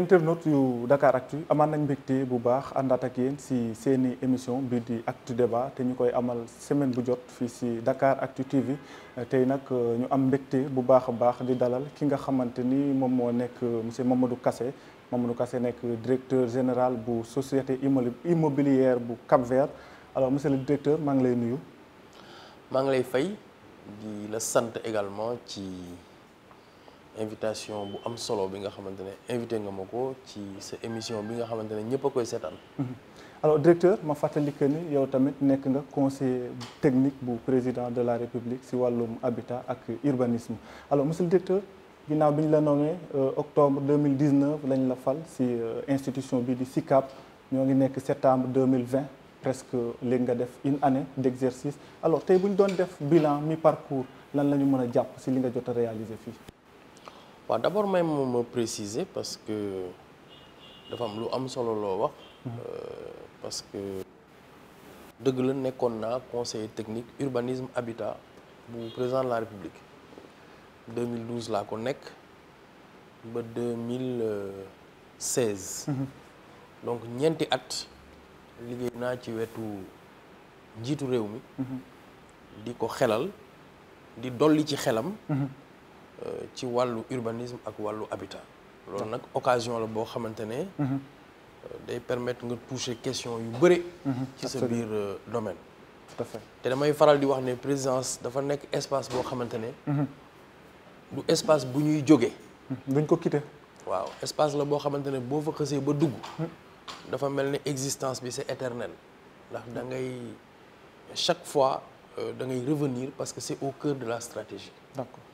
internautes yu Dakar actu. nañ mbégte bu baax àndaat ak yéen si seeni émission bi di Actu Débat té ñukoy amal semaine bu jot ci Dakar Actu TV tey nak euh, ñu am mbégte bu baax baax di dalal ki nga xamante mom mo moo nekk euh, monsieur Mamadou Kassé Mamadou Kassé nekk directeur général bu société immobilière bu Cap-Vert alors monsieur le directeur maa ngi lay nuyu. maa ngi lay fay di la sant également ci invitation bu am solo bi nga xamantene invité nga mako ci sa émission bi nga xamantene ñepp ñëpp a koy mhm. alors directeur ma fatali que ni yow tamit nek nga conseiller technique bu président de la république ci walum habitat ak urbanisme alors monsieur le directeur il biñ la nommé euh, octobre 2019 lañ la fal ci euh, institution bi di SICAP ñoo ngi septembre 2020 presque léegi nga def une année d'exercice. alors tay buñ doon def bilan mi parcours lan la mëna japp ci si li nga jot réaliser fi D'abord, même vais me préciser parce que je suis un solo hmm. euh, parce que je suis conseiller technique urbanisme habitat le président de la république 2012 la ko en 2016 hmm. donc ñeenti at le ci euh, ci walu urbanisme ak walu habitat loolu nak occasion la bo xamantene ne mhm. euh, day permettre nga toucher question yu beure mhm. ci sa bir euh, domaine tout à fait te damay faral di wax ne présidence dafa nek espace bo xamantene ne mhm. du espace bu ñuy jógee duñ ko quitter waaw espace la bo xamantene bo fa xese ba dugg dafa melni existence bi c'est éternel ndax da ngay chaque fois da ngay revenir parce que c'est au cœur de la stratégie d'accord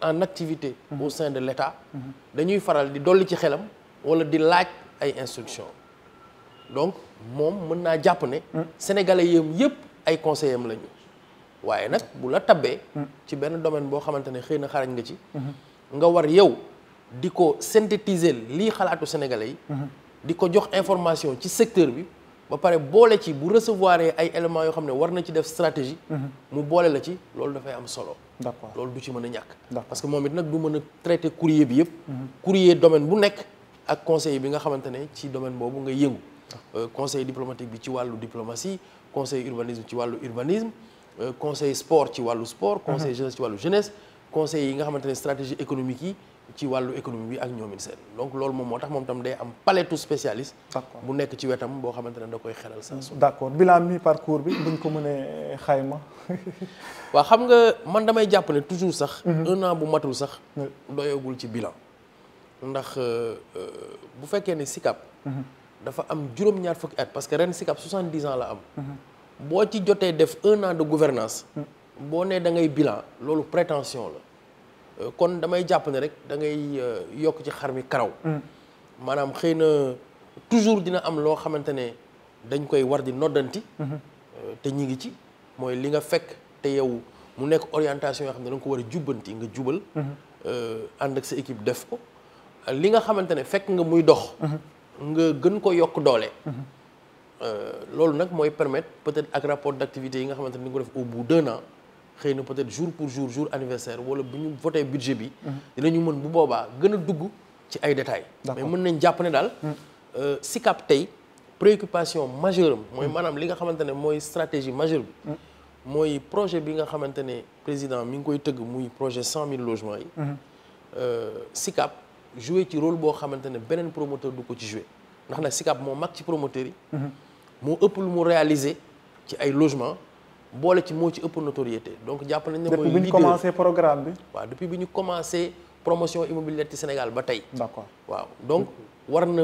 en activité au sein de l'État dañuy faral di dolli ci xélam wala di laaj ay instructions donc mom mën naa jàpp mm. sénégalais yëm yëpp ay conseillers lañu Wayé nak bu la tabbee mm. ci benn domaine bo xamanténi xeyna xarañ nga ci mm-hmm. nga war yow diko synthétiser li xalaatu sénégalais mm-hmm. diko jox information ci secteur bi ba paré bolé ci bu recevoir ay éléments yo xamné war na ci def stratégie mm-hmm. mu bolé la ci da fay am solo d'accord C'est du ci mën parce que moi it nag du mën a traiter courrier bi yëpp. Mhm. courrier domaine bu nekk ak conseil bi nga savez, dans ci domaine boobu nga yëngu. Euh, conseil diplomatique bi ci diplomatie conseil urbanisme ci l'urbanisme. urbanisme euh, conseil sport ci le sport. conseil mhm. jeunesse ci la jeunesse conseil nga stratégie économique c'est ci walu économie bi ak ñoomin sen donc loolu moom motax mom tam day am palettu spécialiste bu nek ci wétam bo xamantene da koy xelal saa su d'accord bilan mi parcours bi buñ ko mëne xayma wa xam nga man damay japp né toujours sax mhm. un an bu matul sax doyogul ci bilan ndax euh, euh, bu fekkee ne SICAP mhm. dafa am juroom ñaar fukk at parce que ren SICAP 70 ans la am mhm. bo ci jotee def un an de gouvernance bo né da ngay bilan loolu prétention la Euh, kon damay jàpp ne rek dangay ngay euh, yokk ci xar mi karaw mm. maanaam xëy na toujours dina am loo xamante ne dañ koy war di noddanti mm-hmm. euh, te ñi ngi ci mooy li nga fekk te yow mu nekk orientation yoo xam ne da ko war a jubbanti nga jubal mm-hmm. ànd ak sa équipe def ko li nga xamante ne fekk nga muy dox mm-hmm. nga gën ko yokk doole loolu nag mooy permettre peut-être ak rapport d'activité yi nga xamante ne ni nga ko def au bout d'un peut-être jour pour jour jour anniversaire wala buñu budget bi. dinañu bu dugg ci détails. mais mën nañ né hmm. euh, SICAP préoccupation majeure li nga stratégie majeure bi. Hmm. projet bi nga président mi ngi koy projet 100 logements yi. Hmm. Euh, SICAP rôle bo promoteur du ko ci joué promoteur yi. mo lu réalisé ci bolé ci mo ci ëpp notoriété donc jàpp nañ né depuis bi commencé programme bi. wa depuis biñu commencé promotion immobilière ci Sénégal ba tay d'accord waaw donc warna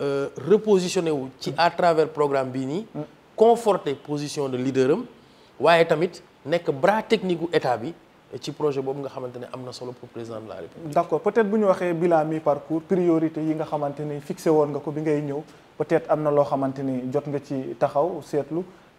euh repositionner wu ci à travers programme bi ni mm. conforter position de leader am waaye tamit nek bras technique gu état bi. ci projet bobu nga xamante amna solo pour président de la république. D'accord. peut être buñu waxé bilan mi parcours priorité yi nga xamante fixé won nga ko bi ngay ñëw peut être amna lo loo jot nga ci taxaw setlu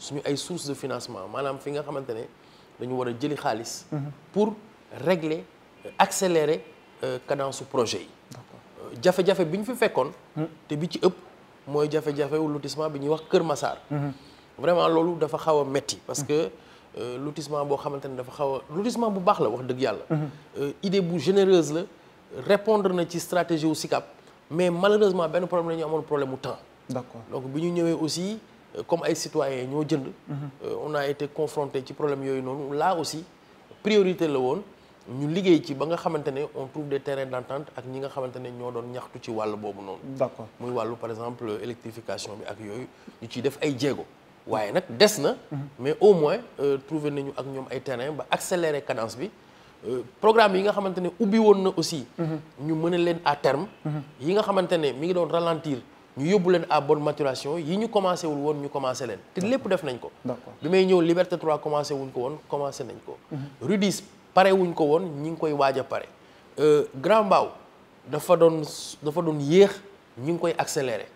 suñu ay sources de financement maanaam fi nga xamante ne dañu war jëli xaalis. pour régler euh, accélérer euh, cadence su projet D'accord. Jafé euh, jafe bi ñu fi fekkoon. Hmm. te bi ci ëpp mooy jafe-jafe wu lotissement bi ñuy wax Kër Massar. Hmm. vraiment loolu dafa xaw a metti parce que lotissement bo xamante ne dafa xawa lotissement bu bax la wax dëgg yalla hmm. idée bu généreuse la répondre na ci stratégie wu SICAP mais malheureusement ben problème la ñu problème mu temps. d'accord donc biñu ñëwé ñëwee aussi. Euh, comme ay citoyens ñoo jënd. Euh, on a été confronté ci problème yooyu noonu là aussi priorité la woon ñu liggéey ci ba nga xamante on trouve des terrains d'entente ak ñi nga xamante ne ñoo doon ñaxtu ci wàll boobu noonu. d'accord muy wàllu par exemple électrification bi ak yooyu ñu ciy def ay jéego. waaye nag des mais au moins euh, trouver nañu ak ñoom ay terrain ba accélérer cadence bi programme yi nga xamante ubi ubbi aussi. Mhm. ñu mën leen à terme. Mhm. yi nga xamante ne mi ngi doon ralentir ñu yóbbu leen bonne maturation yi ñu commencé wul woon ñu commencé leen te lépp def nañ ko bi may ñëw liberté 3 commencé wuñ ko woon commencé nañ ko mhm. rudis pare wuñ ko woon ñi ngi koy waaj a pare euh, Grand Mbao dafa doon dafa doon yéex ñi ngi koy accéléré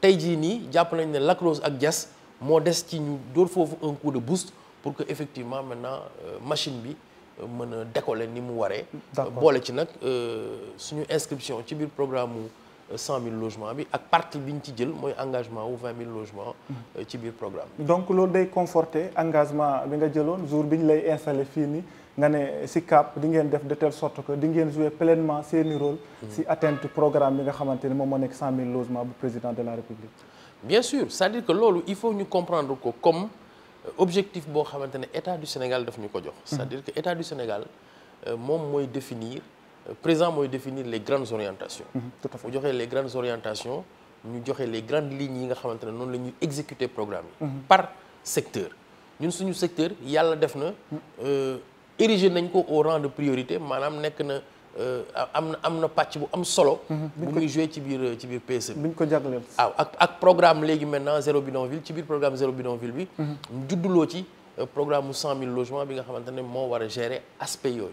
tey jii nii jàpp nañ ne Lac Rose ak Diass moo des ci ñu dóor foofu un coup de boost pour que effectivement maintenant euh, machine bi euh, mën a ni mu waree boole ci nag suñu inscription ci biir programme 100 000 logements. Et partir qui engagement de 20 000 logements dans euh, le programme. Donc, ce qui conforté, l'engagement que vous avez le jour où vous fini, si cap de telle sorte que vous avez joué pleinement votre rôle mm-hmm. si atteignez le programme que vous avez 100 000 logements pour le président de la République. Bien sûr, c'est-à-dire que cela, il faut comprendre que comme euh, objectif que l'État du Sénégal mm-hmm. C'est-à-dire que l'État du Sénégal, moi, euh, moi, définir présent mooy définir les grandes orientations. Mhm, tout à fait les grandes orientations ñu joxe les grandes lignes yi nga xamantene non lañu exécuter programme mhm. par secteur ñun suñu secteur yalla def na mhm. euh, érigé nañ ko au rang de priorité manam nek euh, na. am amna am patch bu am solo. bu muy jouer ci biir ci biir PSE buñ ko jagleel ah ak ak programme légui maintenant zéro bidonville ci biir programme zéro bidonville bi. judduloo ci euh, programme 100000 logements bi nga xamantene mo wara war gérer aspect yooyu.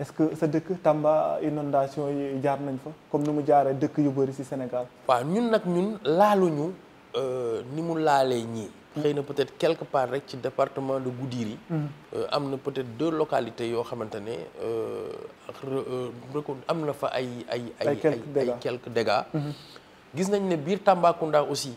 est-ce que c'est dëkk Tamba inondation comme nous Nous avons yu Sénégal. Nous ñun là ñun laaluñu euh, ni peut-être quelque part dans le département de Goudiri. Hmm. Euh, am a peut-être deux localités qui ont fait quelques dégâts hmm. aussi.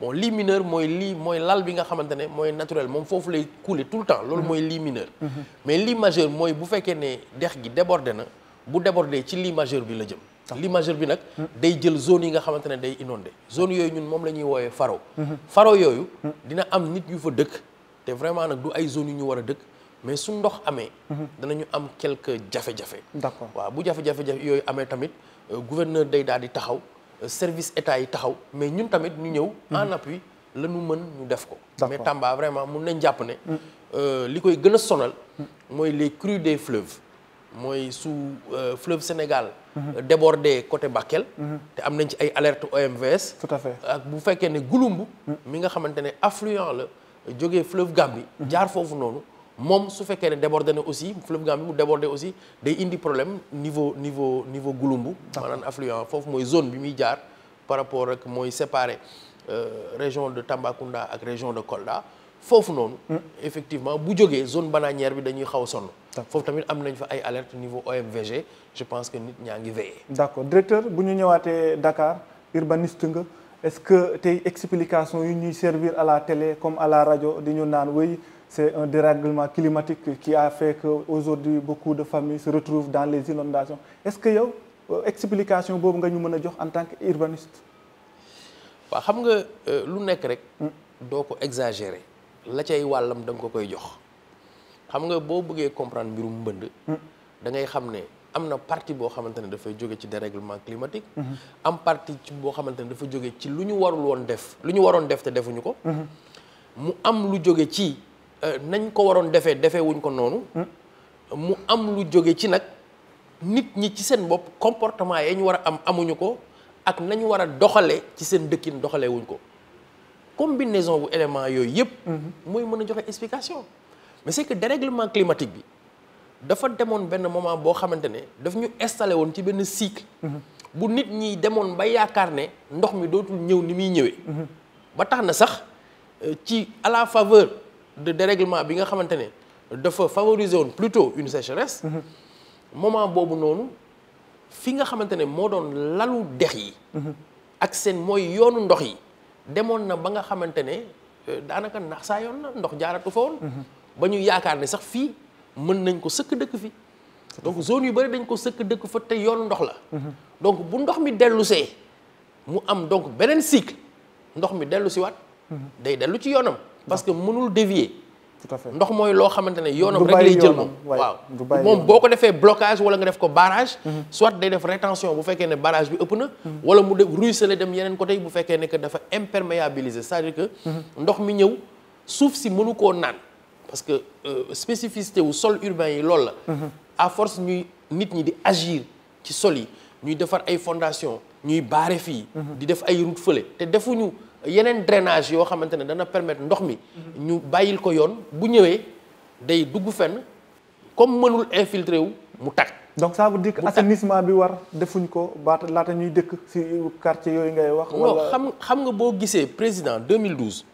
bon li mineur moy li moy lal bi nga xamantene moy naturel mom fofu lay couler tout le temps lolou moy li mineur mhm. mais li majeur moy bu fekkee ne dex gi débordé na bu débordé ci li majeur bi la jëm li majeur bi nak mhm. day jël zone yi nga xamantene day inonder zone yoy ñun mom lañuy woyé faro mhm. faro yoyu, dina am nit yu fa dëkk té vraiment nak du ay zone yu ñu wara a dëkk mais su ndox amee danañu am quelques jafé jafé d'accord waaw bu jafé jafé yooyu amé tamit euh, gouverneur day daal di taxaw service état yi taxaw mais ñun tamit ñu ñëw en appui le ñu mën ñu def ko mais Tamba vraiment mun nañ jàpp ne euh, li koy gën sonal moy les crues des fleuves mooy su euh, fleuve Sénégal mhm. débordé côté Bakel mhm. té am nañ ci ay alerte OMVS tout à fait ak bu fekkee né Goulombou mhm. mi nga xamanté né affluent le jógee fleuve Gambie jaar fofu nonou mom su fekkee né débordé né aussi fleuve Gambie mu débordé aussi day indi problème niveau niveau niveau Gouloumbou manan affluent foofu moy zone bi mi jaar par rapport ak moy séparé euh, région de Tambacounda ak région de Kolda foofu non, hmm. effectivement bu jógee zone bananière bi dañuy xaw son foofu tamit am nañ fa ay alerte niveau OMVG je pense que nit ñaa ngi veillé d'accord directeur bu ñu ñëwaatee Dakar urbaniste nga est-ce que tey explication yu ñuy servir à la télé comme à la radio, di ñu naan c'est un dérèglement climatique qui a fait qu'aujourd'hui beaucoup de familles se retrouvent dans les inondations. Est-ce que yow euh, explication boobu nga ñu mën jox en tant qu'urbaniste? Bah, waaw xam nga euh, lu nekk rek hmm. doo ko exagérer la cay wàllam da nga ko koy jox xam nga boo bëggee comprendre mbirum mbënd hmm. da ngay xam ne am na partie boo xamante ne dafay jóge ci dérèglement climatique hmm. am partie bo boo xamante ne dafa jóge ci lu ñu warul woon def lu ñu def te defuñu ko mu am lu jóge ci Euh, nañ ko waroon defee defee wuñ ko noonu mu am lu jóge ci nag nit ñi ci seen bopp comportement yi ñu war a am amuñu ko ak nañu war a doxale ci seen dëkkin doxalee wuñ ko combinaison bu élément yooyu yëpp mooy mën a joxe explication mais c'est que dérèglement climatique bi dafa demoon benn moment boo xamante ne daf ñu installé woon ci benn cycle bu nit ñi demoon ba yaakaar ne ndox mi dootul ñëw ni muy ñëwee ba tax na sax euh, ci à la de dérèglement bi nga xamante ne dafa favoriser woon plutôt une sécheresse. Mhm. moment boobu noonu fi nga xamante ne moo doon lalu dex yi. Mhm. ak seen mooy yoonu ndox yi demoon na ba nga xamante ne euh, daanaka nax saa yoon na ndox jaaratu fa woon. Mhm. ba ñu yaakaar ne sax fii mën nañ ko sëkk dëkk fi donc zone yu bëri dañ ko sëkk dëkk fa te yoonu ndox la. donc bu ndox mi dellusee mu am donc beneen cycle ndox mi dellusiwaat. day dellu ci yoonam. parce que mënul dévier. tout à fait ndox mooy loo xamante ne yoonam rek lay jël moom waaw moom boo ko defee blocage wala nga def ko barrage mhm. soit day def rétention bu fekkee ne barrage bi ëpp na mhm. wala mu def ruisseler dem yeneen côté bu fekkee ne que dafa imperméabiliser c'est-à-dire que mhm. ndox mi ñëw suuf si mënu koo parce que euh, spécificité wu sol urbain yi loolu la à force ñuy nit ñi di agir ci sol yi ñuy defar ay fondation ñuy baare fii di def ay route fële te defuñu yenen drainage yo xamantene dana permettre ndox mi ñu bayil ko yoon bu ñëwé day dugg fenn comme mënul infiltré wu mu tak donc ça veut dire que assainissement bi war defuñ ko ba la ta ñuy dëkk ci quartier yoy ngay wax wala xam xam nga bo gisé président 2012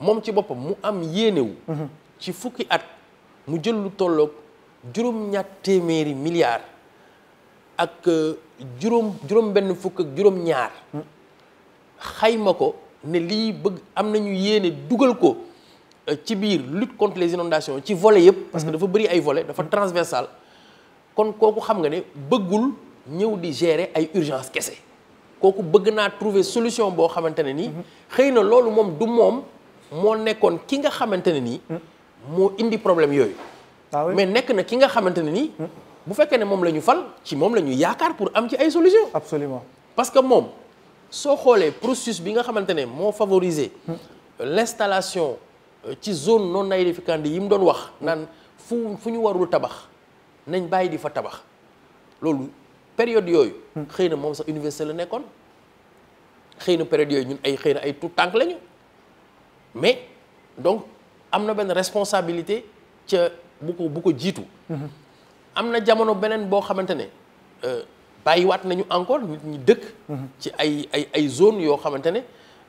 mom ci bopam mu am yéné wu mhm. ci fukki at mu jël lu tollok jurum ñaat téméri milliards ak euh, jurum jurum benn fukk ak juróom ñaar mm. xaymako ne li bëgg am nañu yéene dugal ko euh, ci biir lutte contre les inondations ci volet yëpp. parce que mhm. dafa bëri ay volet dafa transversal. kon koku xam nga ne bëggul ñëw di gérer ay urgence kessé koku bëgg na trouver solution bo xamante ne nii. Mhm. xëy loolu moom du mom mo nekkoon ki nga xamante ne mhm. indi problème yoy ah mais nek na ki nga xamante ni bu fekkee ne moom la fal ci mom lañu yaakar pour am ci ay solution absolument parce que mom soo xoolee processus bi nga xamantene mo favoriser euh, l'installation euh, ci zone non aedificandi yi mu doon wax nan fu fu warul tabax nañ bàyyi di fa tabax lolou période yoy xeyna mom sax université la nekkoon période yoy ñun ay xeyna ay tout tank lañu mais donc amna ben responsabilité ci bu ko bu ko jiitu mhm. am jamono benen bo xamantene euh bàyyiwaat nañu encore nit ñi dëkk. ci ay ay ay zones yo xamante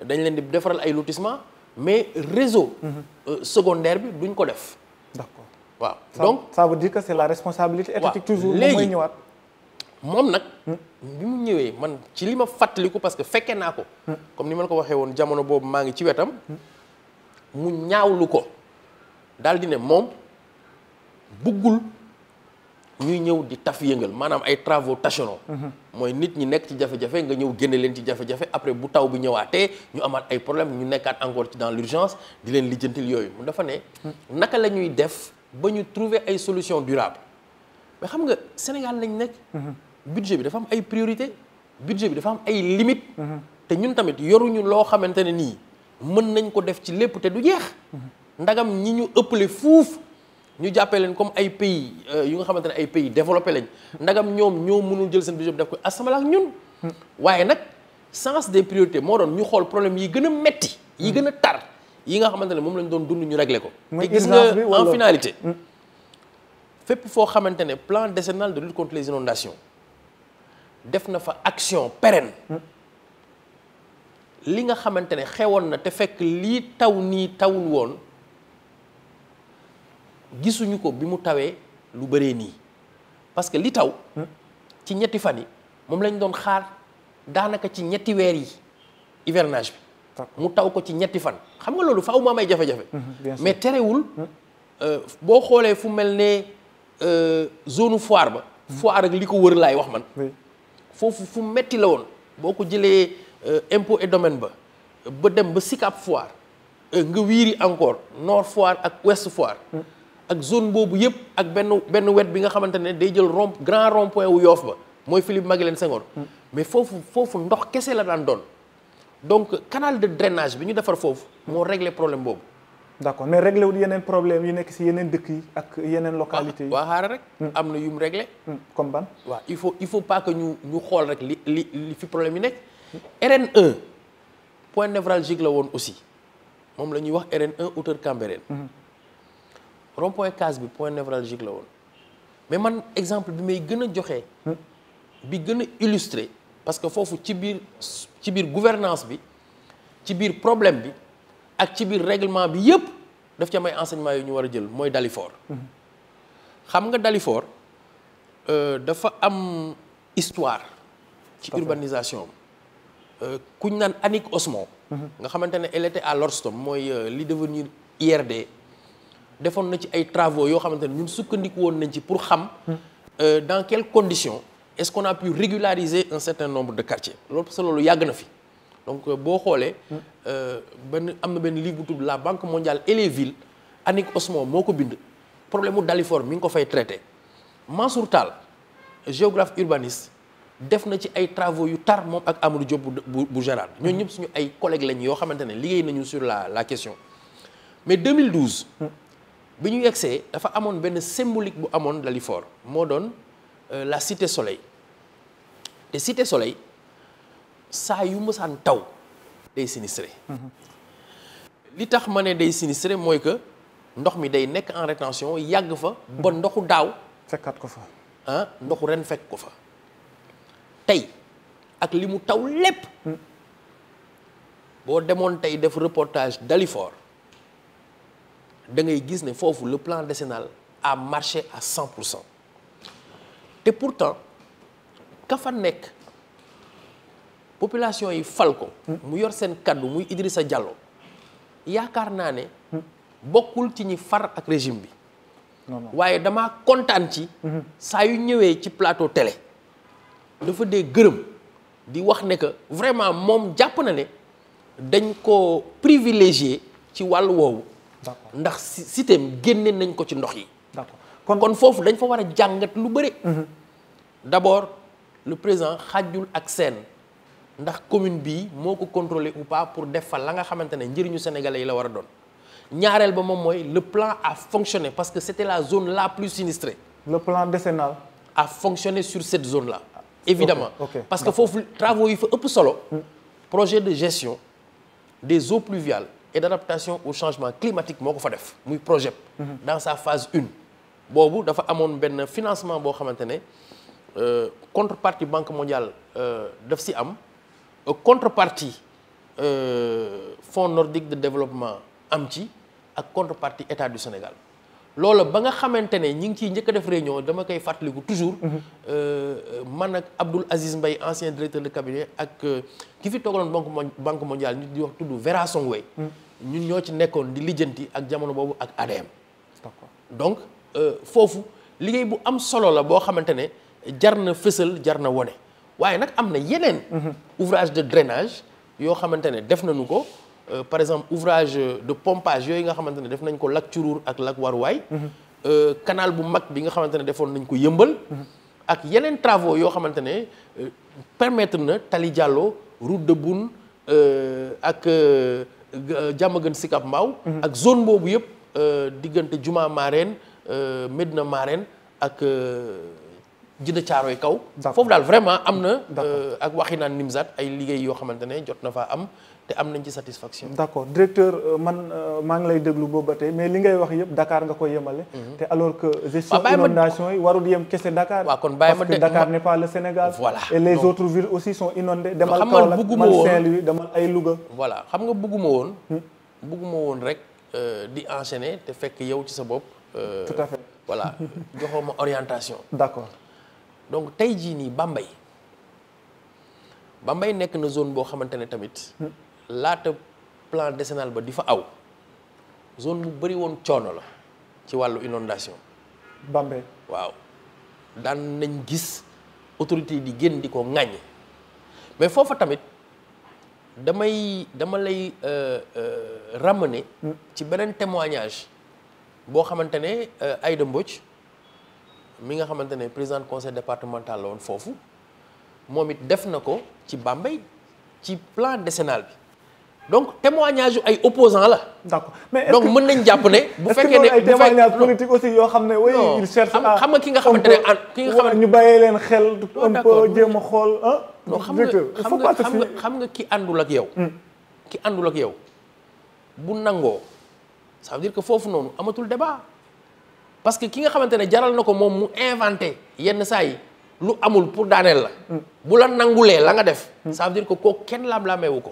dañ leen di defaral ay lotissement mais réseau. Mhm. Euh, secondaire bi duñ ko def. d'accord waaw donc ça veut dire que c'est la responsabilité étatique toujours moy ñëwaat. mom nak hmm. bi mu ñëwé man ci lima fateliku parce que fekke nako hmm. comme ni ma ko waxé won jamono bobu ma ngi ci wétam hmm. mu ñaawlu ko daal di ne moom ñuy ñëw di taf yëngal manam ay travaux tâcherons. moy mhm. nit ñi nekk ci jafe-jafe nga ñëw génne leen ci jafe-jafe après bu taw bi ñëwaaté ñu amaat ay problème ñu nekkat encore ci dans l'urgence di leen lijeentil yoy mu dafa né mhm. naka la ñuy def ba ñu trouver ay solutions durables mais xam nga Sénégal lañ nekk. Mhm. budget bi dafa am ay priorité budget bi dafa am ay limites. té ñun tamit yoruñu lo xamanténi ni nii mën nañ ko def ci lépp té du jeex. ndagam ñi ñu ëppale fouf nous appelons comme euh, pays développés nga pays développé nous ndagam sens des priorités problème en finalité. Mm. plan décennal de lutte contre les inondations def na une action pérenne. Mm. li nga vous avez na taw ni gisuñu ko bi mu tawee lu bëree nii parce que li taw ci ñetti fan yi moom lañ doon xaar daanaka ci ñetti weer yi hivernage bi mu taw ko ci ñetti fan xam nga loolu faaw ma may jafe-jafe mhm, mais terewul mhm. euh, boo xoolee fu mel ne euh, zone foire ba mhm. foire ak li ko wër laay wax man foofu fu metti la woon boo ko jëlee euh, impôt et domaine ba ba dem ba Sicap foire nga wiiri encore nord foire ak ouest foire ak zone boobu yëpp ak benn benn wet bi nga xamante ne day jël rond grand rond wu yoof ba mooy Philippe Maguilène Senghor mm. mais foofu foofu ndox kese la daan doon donc canal de drainage bi ñu defar foofu moo régler problème boobu d'accord mais réglé wul yeneen problème yi nekk si yeneen dëkk yi ak yeneen localités yi waa xaaral rek mm. am na yum réglé mm. comme ban waaw il faut il faut pas que ñu xool rek li li li fi problème yi nekk RN1 point névralgique la woon aussi moom la ñuy wax RN1 hauteur rond case bi point névralgique la won mais man exemple bi may gëna joxé bi gëna illustrer parce que fofu ci bir ci bir gouvernance bi ci bir problème bi ak ci bir règlement bi yépp daf ci am ay yu ñu war a jël fort. Dalifort. xam nga euh dafa am histoire. ci urbanisation euh kuñ naan anic osman. Mhm. nga xamante elle était à l'orstom moy euh, li devenir IRD defoon na ci ay travaux yo ñun sukkandiku pour xam euh, dans quelles conditions est-ce qu'on a pu régulariser un certain nombre de quartiers C'est parce que loolu le na donc euh, beaucoup xoolee hmm. euh, benn ben livre tout la banque mondiale et les villes Annick Osmond moo bind problème mu Dalifort mi traiter. ko fay traité Mansour Tal, géographe urbaniste a fait ci travaux yu tar moom ak Amadou Diop bu Nous sommes collègues lañ ont xamante ne sur la la question mais 2012. Il yexé dafa ben symbolique bu amoon euh, la cité soleil la cité soleil ça yu Ce taw day sinistré mm-hmm. li tax sinistré que mi day en rétention yag fa ba mm-hmm. ndoxu daaw fekkaat ko fa ah ndoxu ren fekk ko fa tay ak taw mm. reportage Dalifort vous voyez que le plan décennal a marché à 100 Et pourtant ka fa nekk population yi fal ko. mu yor seen il muy Idrissa Diallo yaakaar naa ne. bokkul ci ñi far ak régime bi. Non non. suis d'ama que ça ait yu ñëwee ci plateau télé. dafa dee gërëm di wax ne que vraiment moom jàpp na ne dañ ko privilégié ci wàllu ndax si système génne nañ ko ci ndox yi. kon kon fofu dañ fa wara a lu se mhm. d'abord le président xaajul ak a ndax commune bi moko contrôler ou pas pour def fa la nga xamantene ne sénégalais yi la wara a ñaarel ba le plan a fonctionné parce que c'était la zone la plus sinistrée. le plan décennal. a fonctionné sur cette zone là. évidemment parce que les travaux yi fa ëpp solo. Mm. projet de gestion des eaux pluviales et d'adaptation au changement climatique mon projet dans sa phase 1. Il dafa a un financement qui est euh, contrepartie banque mondiale euh, daf si euh, contrepartie fonds nordique de développement Amti et contrepartie état du Sénégal loola ba nga xamantene ne ñi ngi ciy njëkk def réunion dama koy fàttaliku toujours. Mhm. Euh, euh, man ak Abdoul Aziz Mbaye ancien directeur de cabinet ak euh, ki fi toogaloon banque banque mondiale ñu di wax tudd Vera Songway. Mhm. ñun ñoo ci nekkoon di lijjanti ak jamono bobu ak ADM. donc fofu liggéey bu am solo la bo xamantene ne fessel jarna woné waye nak amna waaye nag am mhm. ouvrage de drainage yo xamantene ne def nañu ko. Euh, par exemple ouvrage de pompage qui nga a un def lac Curuur ak lac Le mhm. euh, canal bu il bi nga xamante de nañ ko mhm. ak travaux euh, route de Boune ak Diamaguène Sikap Mbao mhm. ak zone de Juma maren Medina Mareen ak vraiment Nimzat ay liggéey te am nañ ci satisfaction. d' accord directeur euh, man euh, maa ngi lay déglu boobu ba tey mais li ngay wax yëpp dakaar nga koy yemale. Mhm. te alors que gestion inondation yi warul yem kese Dakar. waaw kon bàyyi ma parce que Dakar n' est pas le Sénégal. voilà et les autres villes aussi sont inondées. demal Kaolack demal Saint-Louis demal ay Louga. voilà xam nga bëgguma woon. Hmm. bëgguma woon rek euh, di enchaîner te fekk yow ci sa bopp. tout à fait voilà joxoo ma orientation. d' accord donc tey jii nii Bambey Bambey nekk na zone boo xamante ne tamit. Hmm. laata plan décennal ba di fa aw zone bu bëri woon coono la ci wàllu inondation Bambey waaw daan nañ gis autorité yi di génn di ko ŋàññ mais foofa tamit damay dama lay euh, euh, ramener mm. ci beneen témoignage boo xamante ne euh, Aïda Mbodj mi nga xamante ne président conseil départemental la woon foofu moom it def na ko ci Bambey ci plan décennal bi donc témoignage yu ay opposants la. d'accord mais donc mën nañ jàpp ne. bu fekkee ne bu témoignage politique aussi yoo xam ne. oui il cherche xam nga ki nga xamante ne ki nga xamante ñu bàyyee leen xel. un peu jéem a xool ah. xam nga xam nga xam nga ki àndul ak yow. Hmm. ki àndul ak yow bu nangoo ça veut que foofu noonu amatul débat parce que ki nga xamante ne jaral na ko moom mu inventé yenn saa yi lu amul pour daaneel la. Hmm. bu la nangulee la nga def. Hmm. ça veut dire que kooku kenn laam laameewu ko.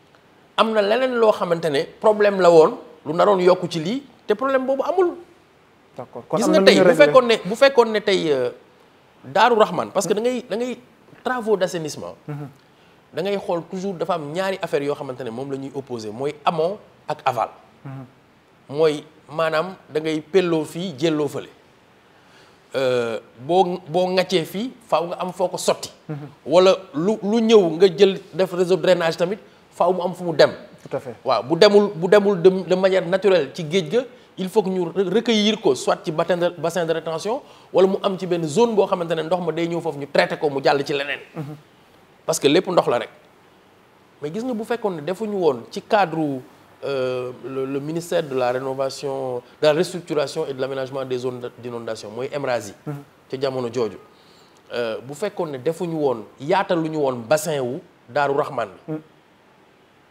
am na leneen loo xamante ne problème la woon lu naroon yokk ci lii te problème boobu amul. d'accord gis nga tey bu fekkoon ne bu fekkoon ne tey euh, Daaru Rahman parce que da ngay da ngay travaux d'assainissement. Mhm. da ngay xool toujours dafa am ñaari affaire yoo xamante ne moom la ñuy opposé mooy amont ak aval. Mhm. mooy maanaam da ngay pelloo fii jëlloo fële. Euh, boo boo ŋàccee fii faw nga am foo ko sotti. Mhm. wala lu lu ñëw nga jël def réseau drainage tamit. faaw am fu dem. tout à fait waaw bu demul bu demul de manière naturelle ci géej ga il faut que ñu recueillir ko soit ci bassin de bassin de rétention wala mu am ci ben zone bo xamantene ndox ma day ñeu fofu ñu traiter ko mu jall ci leneen. Mhm. parce que lepp ndox la rek. mais gis nga bu fekkone defu ñu won ci cadre euh, le ministère de la rénovation de la restructuration et de l'aménagement des zones d'inondation mooy EMRASI. Mhm. ca jamono jooju. Euh, bu fekkoon ne defuñu woon yaataluñu woon bassin wu darou Rahman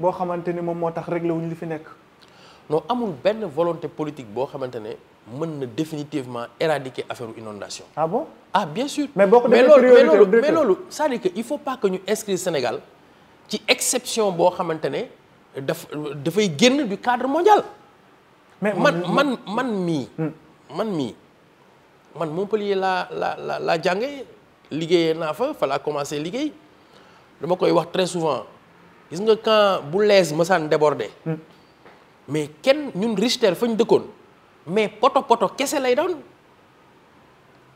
Il volonté politique qui définitivement éradiquer affaire inondation. ah bon ah bien sûr. mais mais mais que il faut pas que nous ñu le Sénégal qui exception de du cadre mondial. mais man man man hmm. man man Montpellier la la la commencé dama très souvent. gis nga quand bu lees mësaan débordé hmm. mais kenn ñun Richter fañ dëkkoon mais poto poto kese lay doon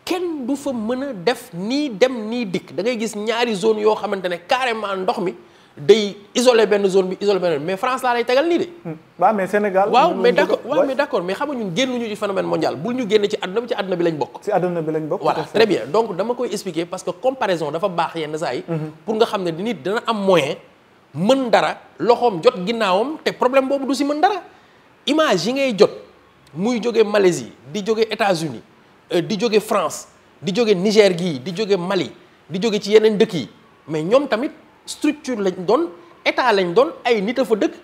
kenn du fa mën a def nii dem nii dikk da gis ñaari zone yoo xamante ne carrément ndox mi day isolé benn zone bi isolé benn mais France laa lay tegal nii de. Hmm. waaw mais Sénégal. waaw mais d'accord mais d'accord génnuñu ci phénomène mondial bul ñu génne ci àdduna bi ci àdduna bi lañ bokk. ci àdduna bi lañ bokk. voilà très bien donc dama koy expliquer parce que comparaison dafa baax yenn saa yi. Mhm. nga xam ne nit am moyen. mën dara loxoom jot ginnaawam te problème boobu du si mën dara image yi ngay jot muy jóge Malaisie di jóge États-Unis euh, di jóge France di jóge Niger gii di jóge Mali di jóge ci yeneen dëkk yi mais ñoom tamit structure lañ doon état lañ doon ay nit a fa dëkk.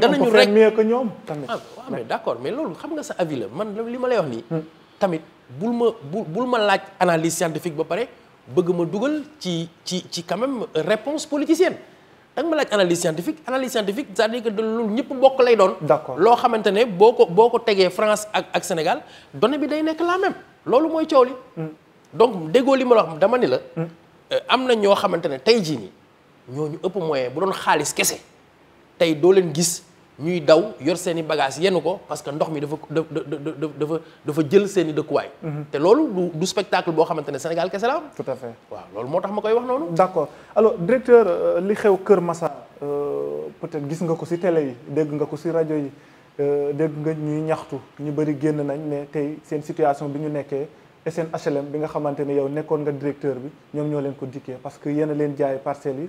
danañu rek mais ñu am ko mieux que ñoom tamit. ah mais d'accord mais loolu xam nga sa avis la man li ma lay wax nii. Hmm. tamit bul ma bul bul ma laaj analyse scientifique ba pare bëgg ma dugal ci ci ci quand même réponse politicienne. da nga ma laaj analyse scientifique analyse scientifique c'est-à-dire que loolu ñëpp bokk lay doon. loo xamante ne boo ko boo ko tegee France ak ak Sénégal donné bi day nekk la même loolu mooy coow li. Hmm. donc déggoo li ma la wax dama ni la. Hmm. Euh, am na ñoo xamante ne tey jii nii ñu ëpp moyen bu doon xaalis kese tey doo leen gis. ñuy daw yor seeni i bagages yenn ko parce que ndox mi dafa dafa dafa jël seen i dëkkuwaay. Mhm. te loolu du du spectacle boo xamante ne Sénégal kese la am. tout à fait waaw loolu moo tax ma koy wax noonu. d' accord alors euh, li xew Kër Massar euh, peut-être gis nga ko si tele yi dégg nga ko si rajo yi euh, dégg nga ñuy ñaxtu ñu bëri génn nañ ne tey seen situation bi ñu nekkee SN HLM bi nga xamante ne yow nekkoon nga directeur bi ñoom ñoo leen ko dikkee parce que yéen a leen jaay parcelles yi.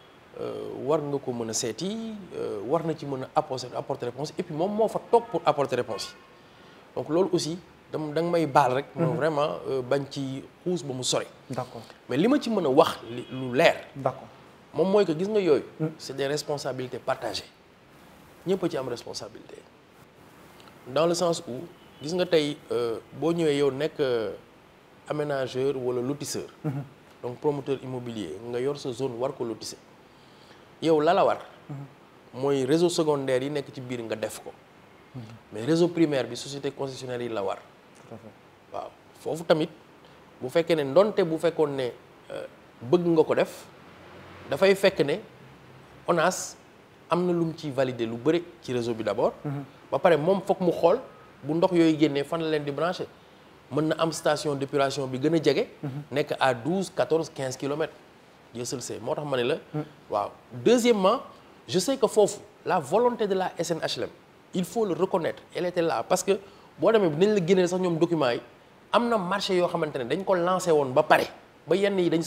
Euh, war nga ko mën a seeti euh, war na ci mën a apporter apporter réponse et puis moom moo fa toog pour apporter réponse donc loolu aussi dam da nga may baal rek. Mhm. moo vraiment euh, bañ ci xuus ba mu sore. d'accord mais li ma ci mën a wax lu leer. d'accord moom mooy que gis nga yooyu. Mhm. c'est des responsabilités partagées ñëpp a ci am responsabilité. dans le sens où gis nga tey boo ñëwee yow nekk aménageur wala lotisseur. Mhm. donc promoteur immobilier nga yor sa zone war ko lotisser yow la la war moy réseau secondaire yi nek ci bir nga def ko mais réseau primaire bi société concessionnaire yi la war waaw fofu tamit bu fekkee ne ndonte bu fekkone ne euh, bëgg nga ko def dafay fekk ne ONAS amna na lu mu valider lu bëri ci réseau bi d'abord mhm. ba paré mom foog mu xol bu ndox yoy génnee fan la leen di brancher mën na am station d'épuration bi gën a mhm. nek à 12 14 15 km je deuxièmement je sais que la volonté de la SNHLM il faut le reconnaître elle était là parce que si on la génneel sax ñoom documents vous marché lancé ba a ba yenn yi dañ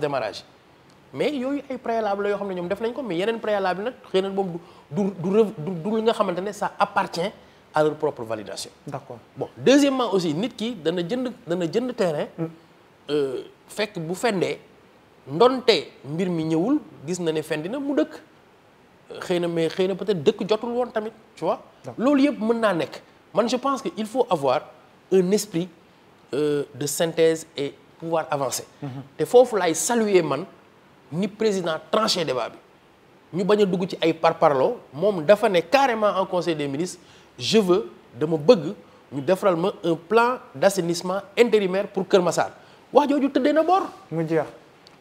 démarrage mais il ay préalable def mais préalable nag ça appartient à leur propre validation. d'accord bon deuxièmement aussi nit ki dana jënd dana jënd terrain. que mm. euh, vous fendee ndonté mbir mi ñëwul gis na né fen mu dëkk xeyna na mais xeyna peut-être dëkk jotul won tamit tu vois. lool yëpp mën Nek, man je pense que il faut avoir un esprit euh, de synthèse et pouvoir avancer. Mhm. té fofu lay saluer man ni président tranché débat bi ñu baña dugg ci ay parparloo mom dafa né carrément en conseil des ministres je veux dama bëgg ñu defaral ma un plan d'assainissement intérimaire pour Kër Massar wax jooju tëddee na bor mu jeex.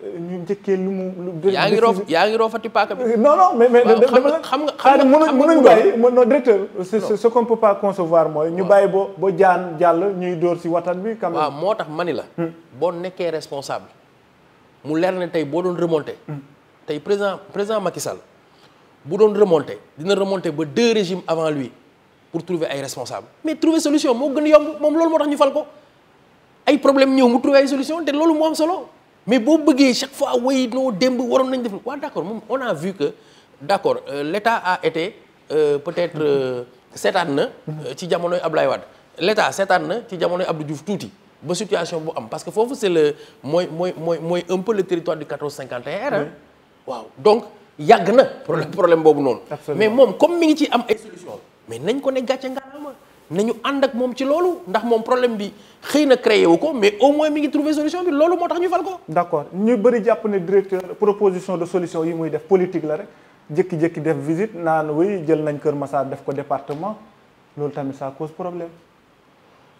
ñu njëkkee lu mu. lu yaa ngi roof yaa ngi roofati paaka bi. non non mais mais dama la xam nga xam nga mënuñ mënuñ bàyyi non directeur. ce ce qu'on peut pas concevoir Moi, ñu bàyyi bo ba jaan jàll ñuy dóor si waxtaan bi. quand même waaw moo tax ma ni la. Hmm. boo nekkee responsable. mu leer ne tey boo doon remonté. présent hmm. président président Macky Sall bu doon remonté dina remonté ba deux régimes avant lui pour trouver ay responsables mais trouver solution moo gën yomb moom loolu moo tax ñu fal ko ay problème ñëw mu trouver ay solution te loolu moo am solo mais chaque fois on a vu que d'accord, euh, l'état a été euh, peut-être cette euh, ci Wade ci Abdou Diouf situation bo parce que c'est le un peu le territoire du 1451 R hein. waaw donc yàgg na problème problème non. mais comme mi solution mais nañu ànd ak moom ci loolu ndax moom problème bi xëy na créé wu ko mais au moins mi ngi trouvé solution bi loolu moo tax ñu fal ko. d' ñu bëri jàpp ne directeur proposition de solution yi muy def politique la rek jékki-jékki def visite naan way jël nañ Kër Massar def ko département loolu tamit ça cause problème.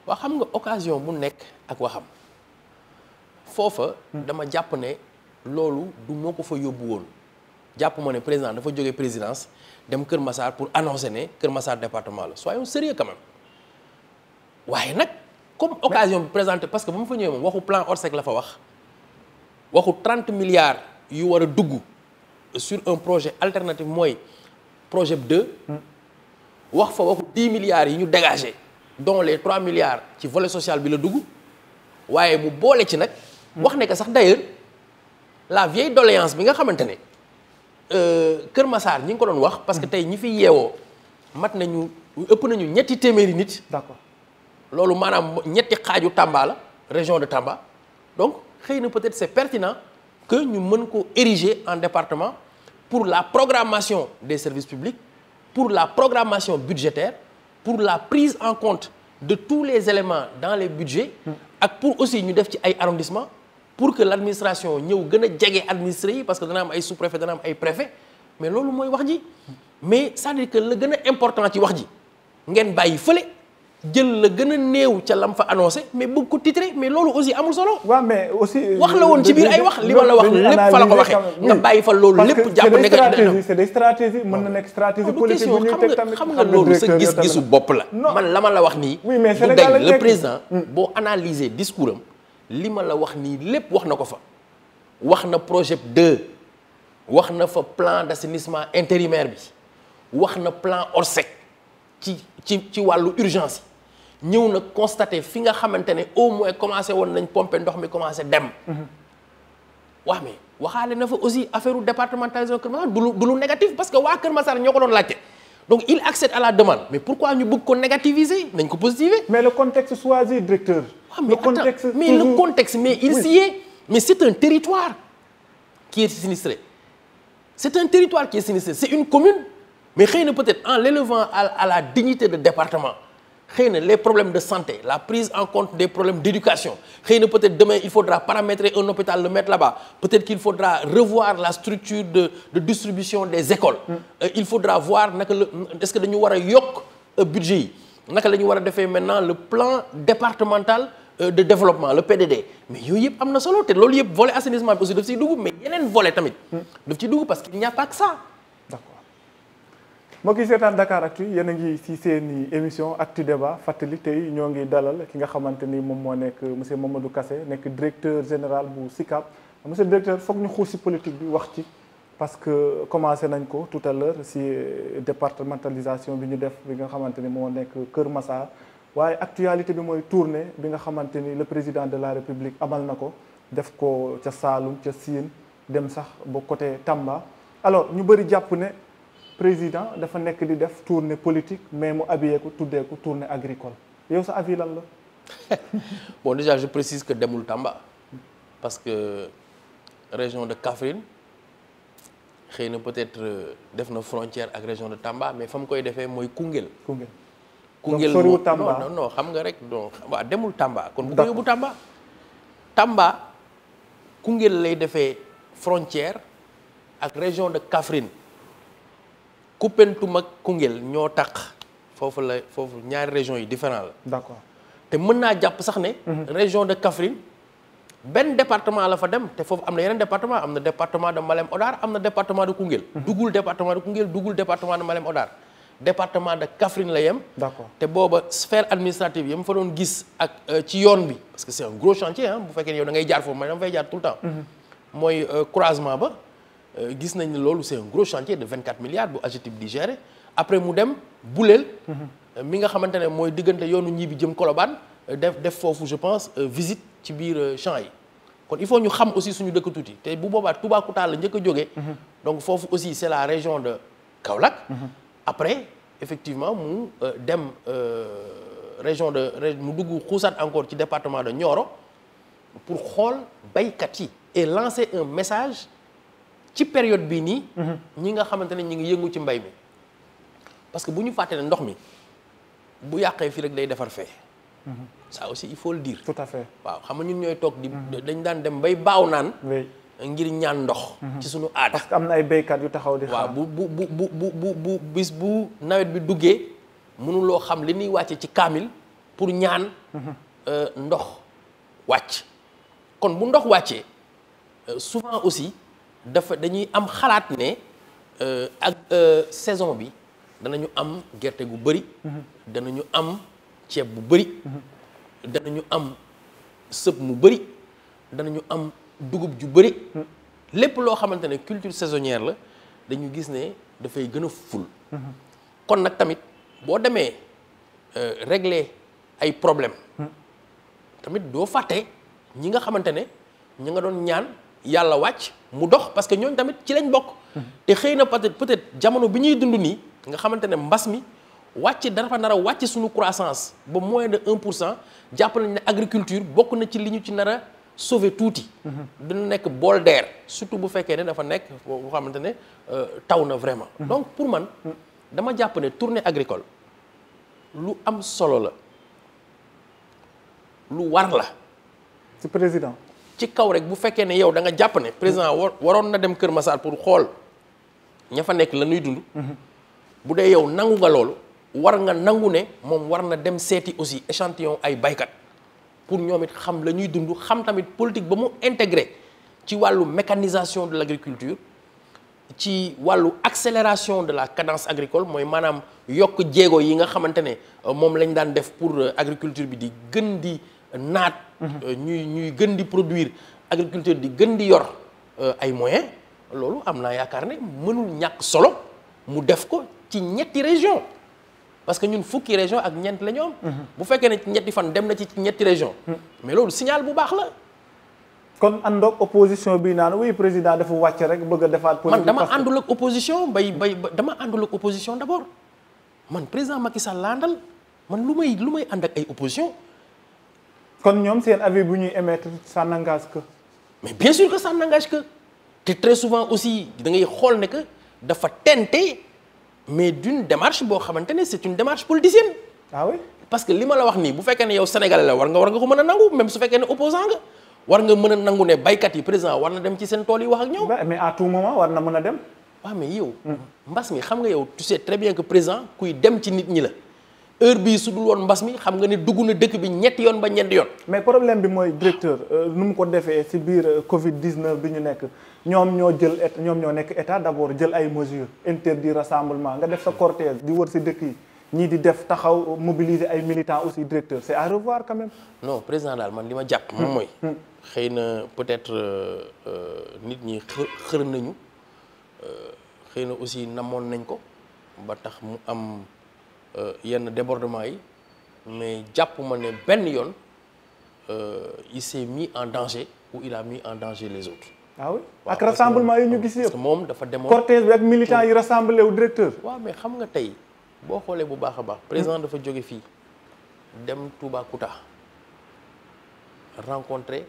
waa xam nga occasion bu nekk ak waxam foofa. Hmm. dama jàpp ne loolu du moo ko fa yóbbu woon. jàpp ma ne président dafa jóge présidence dem Kër Massar pour annoncer ne Kër Massar département la soyons sérieux quand waaye nak comme occasion bi présenter parce que ba mu fa plan mom waxu plan Orsec la fa wax waxu 30 milliards yu wara dugg sur un projet alternatif moy projet 2 wax fa waxu 10 milliards yi ñu dégager, dont les 3 milliards ci volet social bi la dugg Waye mu bolé ci nak wax ne que sax d'ailleurs la vieille doléance bi nga savez. euh Kër Massar ñi ngi ko doon wax parce que tay ñi fi yéwo mat nañu ëpp nañu ñetti téméri nit d'accord lolu manam ñetti xaju Tamba la région de Tamba donc peut-être c'est pertinent que nous mën ko ériger en département pour la programmation des services publics pour la programmation budgétaire pour la prise en compte de tous les éléments dans les budgets et pour aussi nous def ci ay arrondissement pour que l'administration ñeu gëna a parce que nous am ay sous-préfet nous am ay préfet mais lolu moy wax ji mais ça veut dire que le gëna important ci wax ji ngeen bayyi jël la gëna néw ci lam fa annoncé mais bëgg ko titré mais lolu aussi amul solo. wa mais aussi. Euh, wax la woon ci bir ay wax li ma wax lepp fa la ko waxe nga bàyyi fa lolu lepp japp ne c'est des stratégies mën na nek stratégie politique bu ñuy tek tamit xam nga loolu sa gis-gisu bop la. man lama la wax ni oui mais Sénégal le président. Mm. bo analyser discours am li la wax ni lepp wax na fa. wax na projet 2 wax na fa plan d'assainissement intérimaire bi wax na plan Orsec ci ci ci walu urgence ñew na constaté fi nga xamantene au moins commencé won nañ pomper ndox mi commencé dem. wax mi waxale na fa aussi affaire départementalisation Kër du lu négatif parce que wa Kër Massar ñoko don laccé donc il accède à la demande mais pourquoi ñu bëgg ko négativiser nañ ko positiver. mais le contexte choisi directeur. Ah, mais le contexte mais le contexte mais il s'y est mais c'est un territoire qui est sinistré c'est un territoire qui est sinistré c'est une commune mais peut-être en l'élevant à, à la dignité de département les problèmes de santé la prise en compte des problèmes d'éducation peut-être demain il faudra paramétrer un hôpital le mettre là-bas peut-être qu'il faudra revoir la structure de distribution des écoles mm. euh, il faudra voir est-ce que nous avons un budget Nous avons la faire maintenant le plan départemental euh, de développement le PDD mais il y a un solo volet assainissement aussi daf ciy dugg mais un volet tamit mm. parce qu'il n'y a pas que ça moo ki seetaan Dakar Actu yéen a ngi si seen émission Actu Débat fàttali tey ñoo ngi dalal ki nga xamante ni moom moo nekk monsieur Mamadou Kassé nekk directeur général bu SICAP monsieur directeur foog ñu xuus si politique bi wax ci parce que commencé nañ ko tout à l'heure si départementalisation bi ñu def bi nga xamante ni moo nekk Kër Massar waaye actualité bi mooy tournée bi nga xamante le président de la République amal na ko def ko ca Saalum ca Siin dem sax ba côté Tamba alors ñu bëri jàpp ne président a fait di def tournée politique mais a habillé ko tuddee ko tournée agricole yow sa avis lan la. bon déjà je précise que Demoul Tamba parce que la région de Kafrine, xëy peut-être euh, def na frontière la région de Tamba mais qui mu koy defee mooy Kungel. Kungel. Kungel de Tamba non non xam nga rek donc Tamba. kon vous ko Tamba. Tamba Kungel lay une frontière la région de Kafrine. Coupentou mak Kungel ñoo taq fofu la fofu ñaar région yi différent la. d'accord te mën naa jàpp sax ne. Mhm. région de Kaffrine Ben département la fa dem te fofu amna yeneen département am département de Malem Odar amna na département de Kungel mhm. dugul département de Kungel dugul département de Malem Odar département de Kaffrine la yem. d'accord te booba sphère administrative yi fa doon gis ak euh, ci yoon bi parce que c'est un gros chantier hein bu fekké yow da ngay jaar fofu man dama fay jaar tout le temps. moy mhm. euh, croisement ba. Euh, gis nañ ne c'est un gros chantier de 24 milliards bu AGETIP di gérer après mu dem buleel euh, mi nga xamante moy mooy diggante yoonu ñii bi jëm Colobane euh, def def fofu je pense visite ci biir champ yi kon il faut ñu xam aussi suñu dëkk tuuti te bu touba kouta la ñëk joggé mhm. donc fofu aussi c'est la région de Kaolack mhm. après effectivement mu dem région de mu dugg xuusaat encore ci département de Nioro pour xol baykat yi et lancer un message ci période bi ni mhm. ñi nga xamantene ñi ngi yëngu ci mbay mi parce que buñu faté fàtte ndox mi bu yaqé fi rek day defar fee. Mhm. ça aussi il faut le dire. tout à fait waaw xam nga ñun ñoy tok di. Mhm. dañ daan dem bay baaw naan. ngir ñaan ndox. ci suñu aada. parce que amna ay baykat yu taxaw di. xaar bu bu bu bu bu bu bis bu nawet bi mënu lo xam li ni wacce ci kamil pour ñaan. Euh, ndox wacc kon bu ndox wacce euh, souvent aussi. dafa dañuy am xalaat ne euh, ak euh, saison bi danañu am gerte gu bëri mhm. danañu am ceeb bu bëri mhm. danañu am sëb mu bëri danañu am dugub ju bëri mhm. lépp loo xamante ne culture saisonnière la dañu gis ne dafay gën a ful kon nag tamit boo demee euh, régler ay problème tamit doo fàtte ñi nga xamante ne ñi nga doon ñaan yalla watch, mu dox parce que ñoon tamit ci lañ peut-être peut-être jamono bi dund nga ne mi a wacc suñu croissance moins de 1 pour nañ agriculture bokku na ci liñu ci sauver touti. Mhm. surtout bu ne dafa nek xamantene euh, vraiment. Mhm. donc pour man mhm. dama japp né tournée agricole lu am solo la lu war la. président ci kaw rek bu président dem pour ña fa la dund. bu yow war nga war na dem séti aussi échantillon ay baykat politique mécanisation de l'agriculture ci accélération de la cadence agricole moy vous yok djégo yi nga euh, pour euh, agriculture naat euh, ñuy ñuy gën di produire agriculture di gën di yor euh, ay moyens lolu am yakar ne mënul ñak solo mu def ko ci ñetti région parce que ñun fukki région ak ñent la am bu fekkee ne ci ñetti fan dem na ci ñetti région mais lolu signal bu bax la kon andok opposition bi nan oui président dafa wacc rek bëgg a defaat politique man dama andul ak opposition bay bay dama andul ak opposition d'abord man président Macky Sall landal man lumay lumay and ak ay opposition Quand nous seen avis émettre ça n'engage que. mais bien sûr que ça n'engage que très souvent aussi da ngay tenter, mais d'une démarche c'est une démarche politicienne. ah oui parce que ce vous la au Sénégal, bu yow sénégalais même si vous êtes opposant Vous war nga vous président war na mais à tout moment vous na dem. Ah, mais hmm. tu sais très bien que président kuy dem heure bii su dul woon mbas mi xam nga ni dugg na dëkk bi ñetti yoon ba ñeenti yoon. mais problème bi mooy directeur euh, nu mu ko defee ci biir euh, Covid 19 bi ñu nekk ñoom ñoo jël ñoom ñoo nekk état d'abord jël ay mesures interdit rassemblement nga def sa cortège di wër ci dëkk yi ñii di def taxaw mobilisé ay militant aussi directeur c'est à revoir quand même. non président daal man li ma jàpp. moom mooy. Hmm, hmm. xëy na peut-être euh, nit ñi xër nañu xëy na aussi namoon nañ ko ba mu am. Euh, yenn débordement yi mais débordement, ma ne benn yoon euh, il s'est mis en danger ou il a mis en danger les autres. ah oui ak rassemblement yi ñu gis yëpp mom dafa démon cortège bi ak militant yi rassemblé wu directeur. Wa mais xam nga tay bo xolé bu baax a baax. président dafa joggé fi dem touba rencontré rencontrer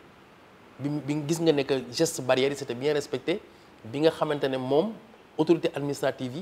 bi gis nga né que geste barrière c'était bien respecté bi nga xamante mom autorité administrative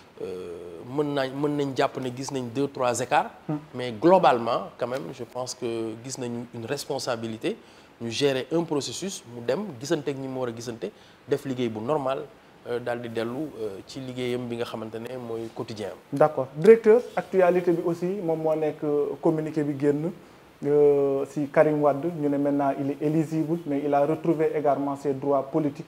mën euh, naa mën nañ ne trois écarts. Hmm. mais globalement quand même je pense que nous avons une responsabilité ñu gérer un processus mu dem une responsabilité, ñi mu war bon def bu normal euh, daal di euh, ci bi nga quotidien d'accord directeur actualité aussi je suis communiqué de génn si Karim Wade maintenant il est éligible mais il a retrouvé également ses droits politiques.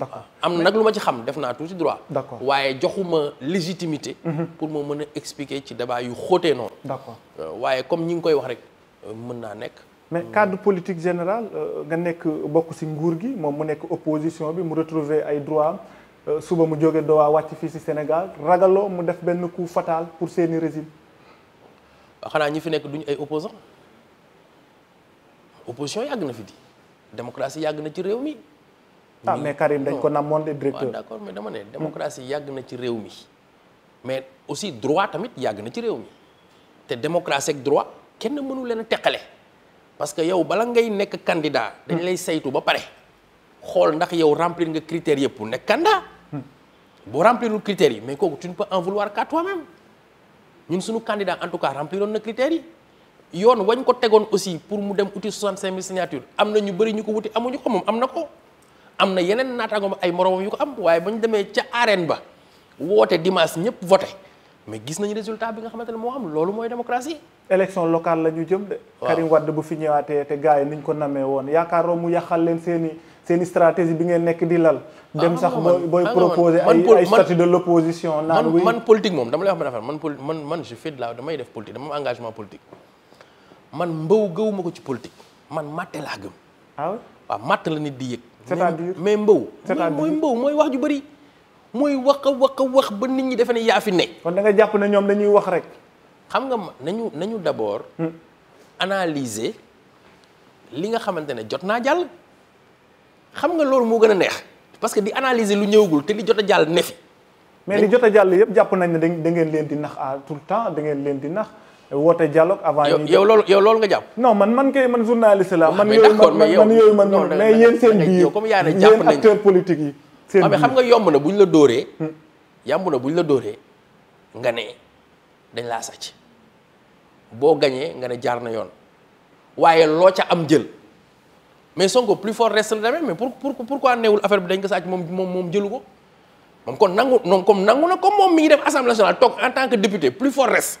d'accord ah, am ce ci xam def d'accord légitimité. Mhm. pour expliquer ci débat d'accord euh, comme nous koy wax rek euh, cadre politique général vous êtes beaucoup ci nguur gi moom mu je opposition bi mu retrouver droit euh, Sénégal Vous mu coup fatal pour ce régime. ñi fi opposants opposition démocratie est na ah mais Karim dañ ko namoon de directeur waaw d' mais dama né démocratie yag na ci réew mi mais aussi droit tamit yag na ci réew mi té démocratie ak droit kenn mënu leena tékalé parce que yow bala ngay nek candidat dañ lay saytu ba paré xol ndax yow remplir nga critère yépp nek candidat bo remplir critères critère mais koku tu ne peux en vouloir qu'à toi-même ñun suñu candidat en tout cas remplir na critère yi yoon wañ ko tégon aussi pour mu dem outil 65000 signatures amna ñu bari ñuko wuti amuñu ko mom amna ko am na yeneen naataangoom ay moromam yu ko am waaye ba ñu demee ca arène ba woote dimaas ñëpp voté mais gis nañu résultat bi nga xamante ne moo am loolu mooy démocratie. élection locale la ñu jëm de. Karim Wade bu fi ñëwaatee te gars yi ni ñu ko namee woon yaakaaroo mu yàqal leen seen i seen i stratégie bi ngeen nekk di lal. Ah, dem sax booy booy proposer ay ay statut de l' opposition. naan man man politique moom dama lay wax benn affaire man poli man man je fais de la damay def politique dama gëwuma ko ci politique man matte laa gëm. Ah waaw waaw matt la nit di c'est-à-dire mais mbaw mooy mbaw mooy wax ju bëri mooy wax a wax wax ba nit ñi defe ne yaa ne kon da nga jàpp ne ñoom dañuy wax rek xam nga nañu nañu d'abord hmm. analyser li nga xamante ne jot naa jàll xam nga loolu moo gën a neex parce que di analyser lu ñëwagul te li jot a jàll ne fi mais li jot a jàll yëpp jàpp nañ ne da ngeen leen di nax à tout le temps da ngeen leen di nax woote dialogue avant. yow loolu yow loolu nga jàpp. non man man kay man journaliste la man yooyu man yooyu man noonu mais yéen seen biir yéen acteurs politiques yi. seen biir xam nga yomb na bu ñu la dóoree. Hmm. yomb bu ñu la dóoree nga ne dañ laa sàcc boo gañee nga jaar na yoon waaye loo ca am jël mais Sonko plus fort reste na demee mais pour pour pourquoi neewul affaire bi dañ ko sàcc moom moom jëlu ko moom kon nangu moom comme nangu na comme moom mi ngi def assemblée nationale en tant que député plus fort reste.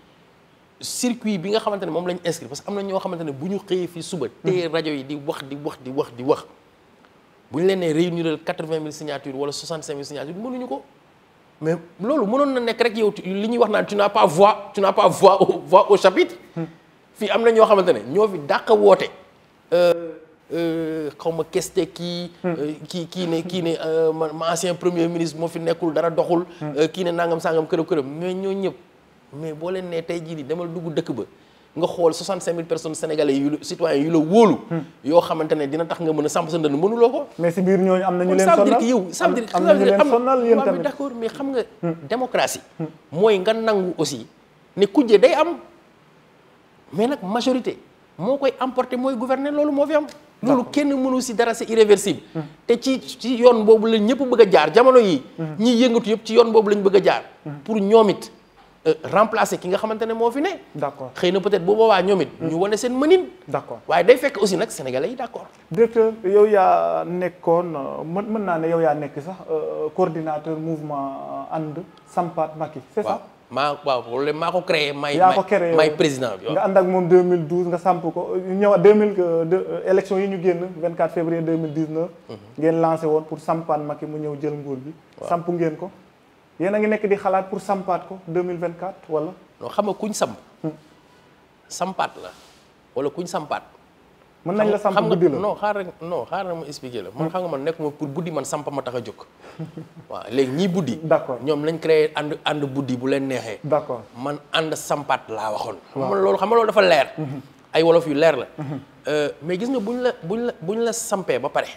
circuit bi nga xamantene mom lañu inscrire parce que amna na ñoo xamante ne bu ñu suba. té mhm. radio yi di wax di wax di wax di wax buñu ñu leen nee réuniral 80000 signatures wala 65000 signatures mënuñu ko. mais lolu mënon na nek rek yow li ñuy wax naan tu n'as pas voix tu n'as pas voix au voix au chapitre. Hmm. fi amna na ñoo xamante ne ñoo fi dàq euh, euh xaw ma keste kii. Hmm. Euh, kii kii ne kii ne euh, ma ancien premier ministre mo fi nekkul dara doxul. Hmm. kii né nangam sangam kërëm kërëm mais ñoo ñëpp. mais bo len nee tay jii nii demal dugg dekk ba nga xol 65000 personnes sénégalais yu citoyens yu la wolu hmm. yo xamantene dina tax nga mëna samp sa ndënd mënu loko mais ci biir ñooñu am na ñu leen sonal ça veut dire que yow. am na ñu leen sonal yéen tamit d' accord mais xam nga. Hmm. démocratie. moy hmm. nga nangu aussi ne kujje day am mais nak majorité mo koy emporter moy gouverner lolu mo fi am. lolu kenn mënu si dara c'est irréversible. té ci ci yoon bobu la ñëpp bëgg jaar jamono yi ñi yëngatu yëpp ci yoon bobu lañ bëgg jaar. pour ñomit Euh, remplacer ki nga xamantene mo fi né d'accord xeyna peut-être bo boobaa ñoom it. ñu wane sen mënin. D'accord. waye day fekk aussi nak sénégalais yi d' directeur yow ya nekkoon mën mën naa ne yow ya nekk sax euh, coordinateur mouvement euh, and Sampaat maki. C'est ça maa waaw problème mako créé. may may président bi nga and ak mom 2012 nga samp ko ñew 2002 élection yi ñu génn 24 février 2019. Mhm. ngeen lancé woon pour Sampaat maki mu ñew jël nguur bi. samp ngeen ko. yéen a ngi nek di xalaat pour sampat ko 2024 wala. no xam nga kuñ samp. Hmm. sampat la wala kuñ sampat man nañ la samp guddi la non xaaral non na mo expliquer la man hmm. xam nga man mo pour guddi man samp ma taxa a wa waaw ñi buddi. ñom lañ créer and and buddi bu len nexé d'accord man and sampat la waxon man loolu xam nga loolu dafa leer. Hmm. ay wolof yu leer la. Euh, mais gis nga buñ la buñ la buñ la sampé ba paré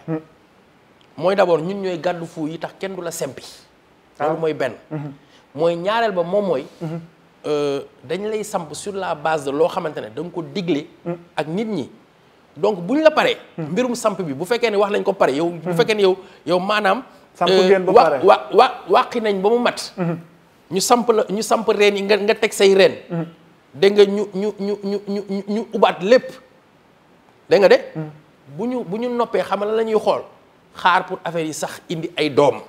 moy d'abord ñun ñoy gaddu fu yi tax kenn du sempi. loolu ah. mooy benn mhm. mooy ñaareel ba moom mooy mhm. euh, dañ lay samp sur la base de loo xamante ne da ko digle mm. ak nit ñi donc bu ñu la paree mm. mbirum samp bi bu fekkee ne wax nañ ko pare yow bu mm. fekkee ne yow yow maanaam samp euh, ngeen ba pare wa wa wàqi nañ ba mu mat mm-hmm. samp la ñu samp reen yi nga nga teg say reen mm-hmm. dégg nga ñu ñu ñu ñu ñu ñu ubaat lépp dégg de bu ñu bu ñu noppee xam la ñuy xool xaar pour affaire yi sax indi ay doom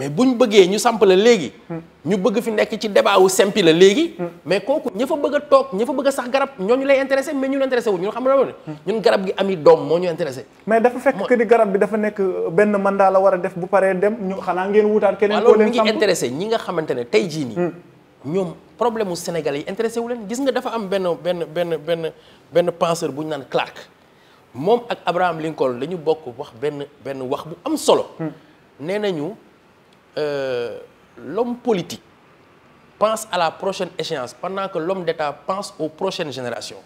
mais bu ñu bëggee ñu samp la léegi. Hmm. ñu bëgg fi nekk ci débat wu simpi la léegi. Hmm. mais kooku ña fa bëgg toog ña fa bëgg sax garab ñooñu lay intéressé mais ñun intéressé wu ñun xam nga ne hmm. ñun garab gi ami doom moo ñu intéressé. mais dafa fekk que ni garab bi dafa nekk euh, benn mandat la war a def bu paree dem ñu xanaa ngeen wutaat. keneen koo leen ngi intéressé ñi nga xamante ne tey jii nii. ñoom problème mu Sénégal yi intéressé wu leen gis nga dafa am benn benn benn benn benn penseur bu ñu naan Clark moom ak Abraham Lincoln dañu bokk wax benn benn wax bu am solo nee nañu Euh, l'homme politique pense à la prochaine échéance pendant que l'homme d'État pense aux prochaines générations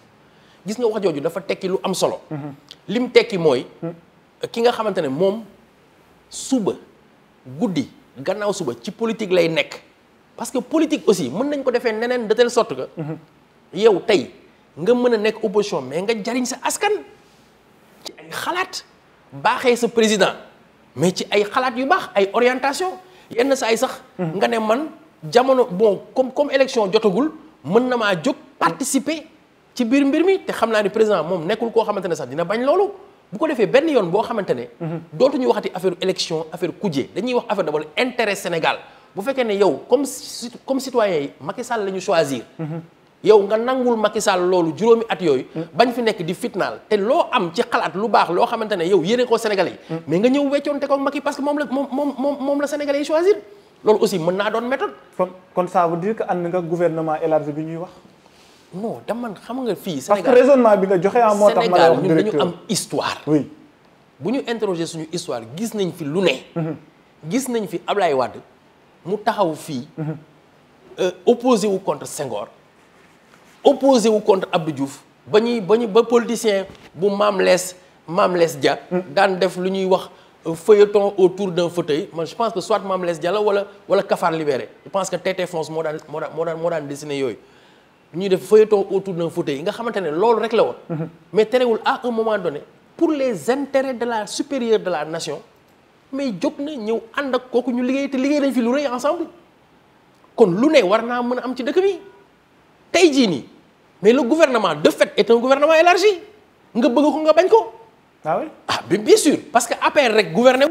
gis nga wax jooju dafa tekki lu am solo. Mhm. li mu tekki mooy. ki nga xamante ne moom suba guddi gannaaw suba ci politique lay nekk. parce que politique aussi on peut ko faire de telle sorte que. Mhm. yow tey nga mën a opposition mais nga jariñ sa askan. ci ay xalaat baaxee sa président mais ci ay khalat yu baax ay orientation yenn saa yi sax. nga ne man jamono bon comme comme élection jotagul mën na maa jóg participer ci biir mbir mi te xam naa ni président moom nekkul koo xamante ne sax dina bañ loolu. bu ko defee benn yoon boo xamante ne. Mhm. dootuñu waxati affaire élection affaire kuje dañuy wax affaire d'abord intérêt Sénégal bu fekkee ne yow comme comme citoyen yi Macky Sall la ñu choisir. Mhm yow nga nangul Macky Sall loolu juróomi at yoy mm. bañ fi nek di fitnal te lo am ci xalat lu bax lo xamantene yow yéene ko sénégalais mm. mais nga ñew weccoonte ko Macky parce que mom la mom mom la sénégalais choisir loolu aussi mën naa doon méthode kon ça veut dire que and nga gouvernement élargi bi ñuy wax non da man xam nga fi Sénégal parce que raisonnement bi nga joxé ah motax ma wax ñun dañu am histoire oui buñu interroger suñu histoire gis nañ fi lu né mm-hmm. gis nañ fi Ablaye Wade mu taxaw fi mm-hmm. euh opposé wu contre Senghor opposé ou contre Abdou Diouf ba ñuy politicien bu Mame Less Mame Less Dia dan def lu ñuy wax feuilleton autour d'un fauteuil man je pense que soit Mame Less Dia la wala wala Cafard Libéré je pense que Tété Fonce mo dan mo dan, mo dan dessiner yoy. ñuy def feuilleton autour d'un fauteuil nga xamante ne loolu rek la woon mais téréwul à un moment donné pour les intérêts de la supérieure de la nation mais jóg ne ñeu and ak koku ñu liggéey té liggéey nañ fi lu reuy ensemble kon lu ne warna naa mën a am ci dëkk bi mais le gouvernement de fait est un gouvernement élargi nga bëgg ko nga bañ ko. ah oui ah bien sûr parce que APR rek gouverner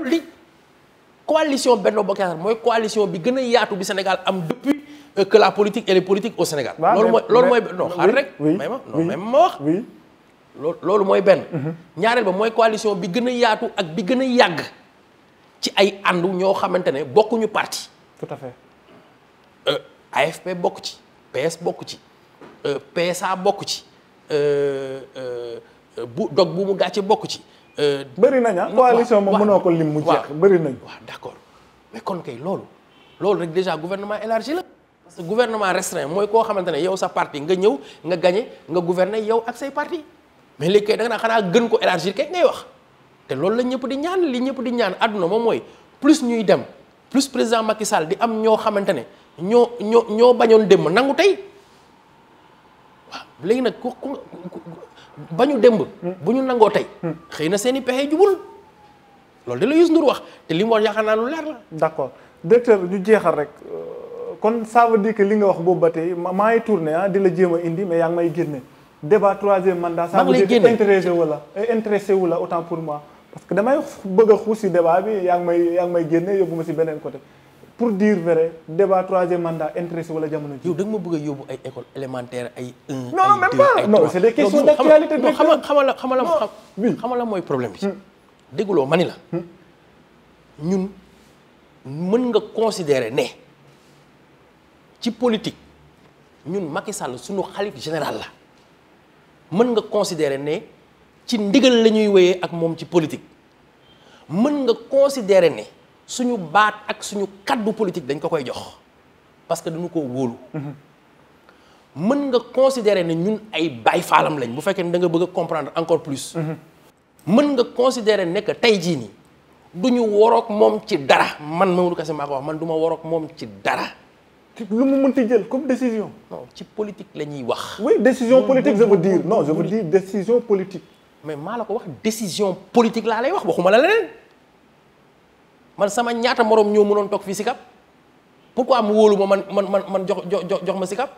coalition Benno Bokk coalition bi gën a bi Sénégal am depuis euh, que la politique et les politiques au Sénégal. loolu mooy non xaaral rek. may non même ma oui loolu mooy ben. ñaareel ba coalition bi gën a yaatu ak bi gën a yàgg ci ay àndu ño xamantene ne ñu parti. tout à fait. Euh, AFP bokku ci PS bokku ci. Euh, PSA bokk ci euh, euh, bu dog bu mu gàcce bokk ci. bëri nañ ah coalition moom mënoo ko lim mu jeex bëri nañ. waaw d'accord mais kon kay loolu loolu rek déjà gouvernement élargi la. parce que gouvernement restreint mooy koo xamante ne yow sa parti nga ñëw nga gagné nga gouverner yow ak say partie mais léegi kay da nga xanaa gën ko élargir kay ngay wax te loolu la ñëpp di ñaan li ñëpp di ñaan àdduna moom mooy plus ñuy dem plus président Macky Sall di am ñoo xamante ne ñoo ñoo ñoo bañoon dem nangu tey. léegi nag ku ba ñu démb. bu ñu nangoo tey. xëy na seen i pexe jubul loolu de la Youssou Ndour wax te li mu wax yaakaar naa lu leer la. d'accord directeur ñu jeexal rek euh, kon ça veut dire li nga wax boobu ba tey maa ngi tourné ah di la jéem a indi mais yaa ngi may génne débat troisième mandat. ça veut dire intéressé wu la intéressé wu la autant pour moi. parce que damay bëgg a xuus si débat bi yaa ngi may yaa ngi génne yóbbu ma si beneen côté. pour dire vrai débat troisième wala jamono ji. yow da ma bëgg a yóbbu ay école élémentaire ay. un ay deux non même pas non c'est des questions d'actualité. non xamal xamal xamal xamal la mooy problème bi. Hmm. dégguloo ma ni la. Hmm. ñun mën nga considére ne ci politique ñun Macky Sall suñu xalif général la mën nga considérer ne ci ndigal la ñuy wéyee ak moom ci politique mën nga considérer ne. suñu baat ak suñu kaddu politique dañ ko koy jox parce que dañu ko wóolu. mën nga considere ne ñun ay baay faalam lañ bu fekkee ne da nga bëgg comprendre encore plus. mën nga considérer ne que tey jii nii du ñu waroog moom ci dara man Mamadou Kassé maa ko wax man du ma waroog moom ci dara. lu mu mënti jël comme décision. ci politique la ñuy wax. oui décision politique je veux dire non je veux décision politique. mais maa la ko wax décision politique laa lay wax waxuma la leneen. man sama ñaata moroom ñoo mënoon toog fii sikap pourquoi mu wóolu ma man man man man jox jox jox ma sikap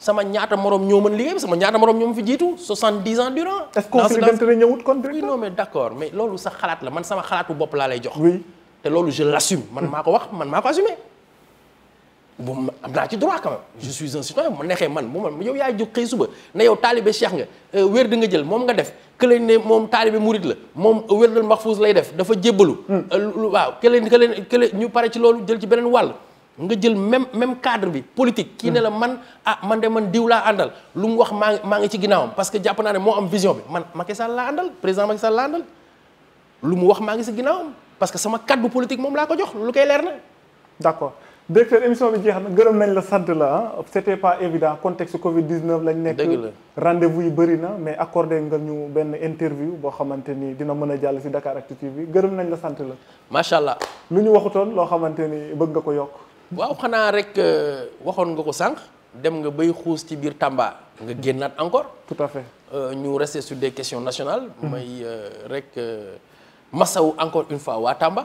sama ñaata moroom ñoo mën liggéey sama ñaata moroom ñoo ma fi jiitu soixante-dix ans durant. est-ce que ñëwut kon directeur non mais d'accord mais loolu sax xalaat la man sama xalaatu bopp laa lay jox. oui te loolu je l'assume man maa ko wax man maa ko assumé. bu am naa ci droit quand même je suis un citoyen mu neexee man bu man yow yaay jóg xëy suba ne yow taalibe cheikh nga euh, wér di nga jël moom nga def kële ne moom taalibe murit la moom wer max maxfuus lay def dafa jébbalu hmm. euh, waaw kële kële kële ñu pare ci loolu jël ci beneen wàll nga jël même même cadre bi politique kii ne la hmm. man ah man de man diw laa àndal lu mu wax maa maa ngi ci ginnaawam parce que jàpp naa ne moo am vision bi man Macky Sall laa àndal président Macky lu mu wax maa ngi si parce que sama cadre politique moom laa ko jox lu koy leer na d'accord directeur émission bi je na gërëm nañ la sant la ah pas évident contexte Covid 19 lañ nekk. rendez vous yi bëri mais accordé nga ñu ben interview boo xamante ni dina mën a jàll si Dakaractu TV gërëm nañ la sant la. macha nous lu ñu waxutoon loo xamante ni bëgg nga ko yokk. waaw xanaa rek euh, waxoon nga ko sànq. dem nga bay xuus ci biir Tamba. nga génnaat encore. tout à fait euh, ñu rester sur des questions nationales. may euh, rek ou encore une fois waa Tamba.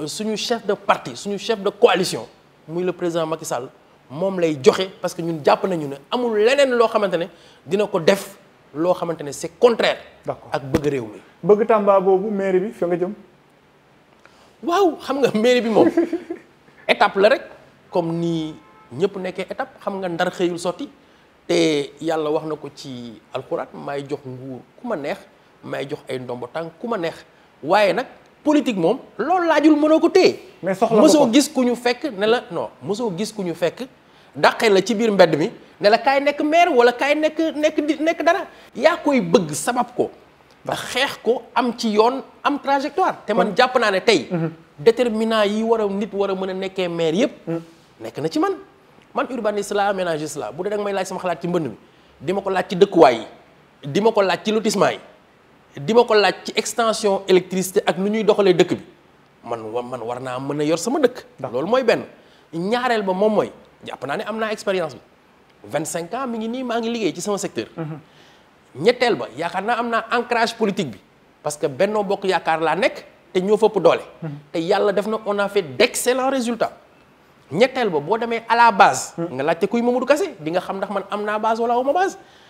Euh, suñu chef de parti suñu chef de coalition muy le président Macky Sall mom lay joxé parce que ñun japp nañu né amul leneen lo xamante ne dina ko def lo xamante c'est contraire. d'accord ak bëgg réew mi. bëgg Tamba bobu maire bi fa nga jëm. waaw xam nga maire bi mom étape la rek comme ni ñëpp nekké étape xam nga ndar xeyul soti te yalla wax nako ci alcorane may jox nguur ku neex may jox ay ndombo tànk ku neex waaye nak politique moom loolu laajul mënoo ko téye. mais soxla ko mosoo gis ku ñu fekk ne la non mosoo gis ku ñu fekk dàqe la ci biir mbedd mi ne la kaay nekk maire wala kaay nekk nekk di nekk dara yaa koy bëgg sabab ko. ndax xeex ko am ci yoon am trajectoire te man jàpp naa ne tey. Mhm. déterminant yi war a nit war a mën a nekkee maire yëpp. Mhm. nekk na ci man man urbaniste la aménagiste la bu dee danga may laaj sama xalaat ci mbënd mi di ma ko laaj ci dëkkuwaay yi di ma ko laaj ci lotissement yi. di la ci extension électricité ak nu ñuy doxalee dëkk bi man wa man war naa mën a yor sama dëkk. loolu mooy ben, ñaareel ba moom mooy jàpp naa ne am expérience bi vingt cinq ans mi ngi nii maa ngi liggéey ci sama secteur. Mhm. ñetteel ba yaakaar naa ancrage politique bi parce que Benno Bokk Yaakaar laa nekk te ñoo fëpp doole. Mhm. te yàlla def on a fait d'excellents résultats. ñetteel ba boo demee à la base. Mhm. nga laajte kuy Mamadou Kassé di nga xam ndax man am base wala awma base.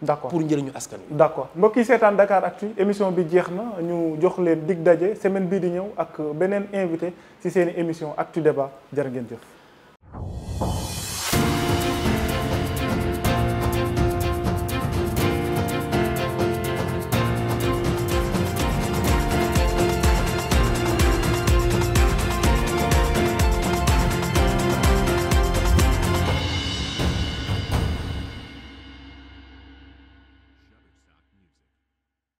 D'accord. accord pour njëriñu askan wi. D'accord. accord mbokk yi seetaan Dakar Actu émission bi jeexna ñu jox leen dig dajé semaine bi di ñëw ak benen invité ci seen émission Actu Débat jar ngeen jëf.